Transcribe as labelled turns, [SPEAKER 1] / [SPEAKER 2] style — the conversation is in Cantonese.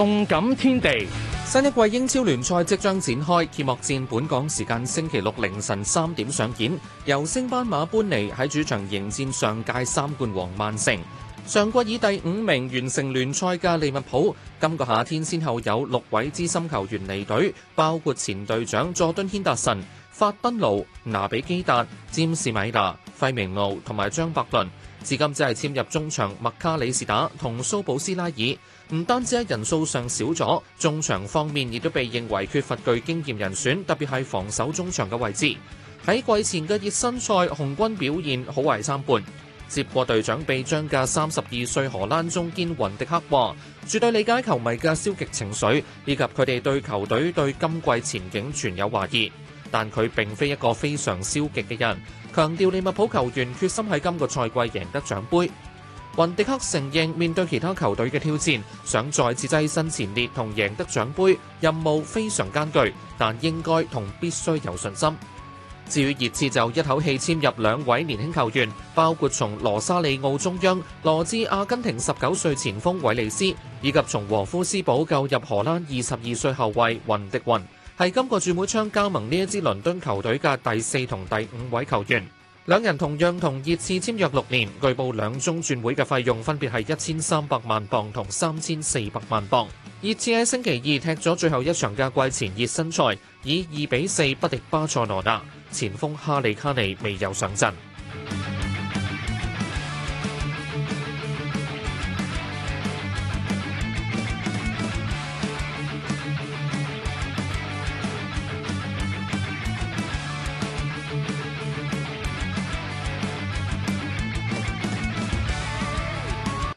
[SPEAKER 1] 動感天地，新一季英超聯賽即將展開，揭幕戰本港時間星期六凌晨三點上演，由升班馬般尼喺主場迎戰上屆三冠王曼城。上季以第五名完成聯賽嘅利物浦，今個夏天先後有六位資深球員離隊，包括前隊長佐敦軒達臣、法賓奴、拿比基達、詹士米拿、費明奴同埋張伯倫。至今只係簽入中場麥卡里士打同蘇保斯拉爾，唔單止喺人數上少咗，中場方面亦都被認為缺乏具經驗人選，特別係防守中場嘅位置。喺季前嘅熱身賽，紅軍表現好壞參半。接過隊長臂章嘅三十二歲荷蘭中堅雲迪克話，絕對理解球迷嘅消極情緒，以及佢哋對球隊對今季前景存有懷疑，但佢並非一個非常消極嘅人。強調利物浦球員決心喺今個賽季贏得獎杯。雲迪克承認面對其他球隊嘅挑戰，想再次躋身前列同贏得獎杯，任務非常艱巨，但應該同必須有信心。至於熱刺就一口氣簽入兩位年輕球員，包括從羅沙利奧中央羅致阿根廷十九歲前鋒韋利斯，以及從禾夫斯堡救入荷蘭二十二歲後衛雲迪雲。係今個轉會窗加盟呢一支倫敦球隊嘅第四同第五位球員，兩人同樣同熱刺簽約六年，據報兩宗轉會嘅費用分別係一千三百萬鎊同三千四百萬鎊。熱刺喺星期二踢咗最後一場嘅季前熱身賽，以二比四不敵巴塞羅那，前鋒哈利卡尼未有上陣。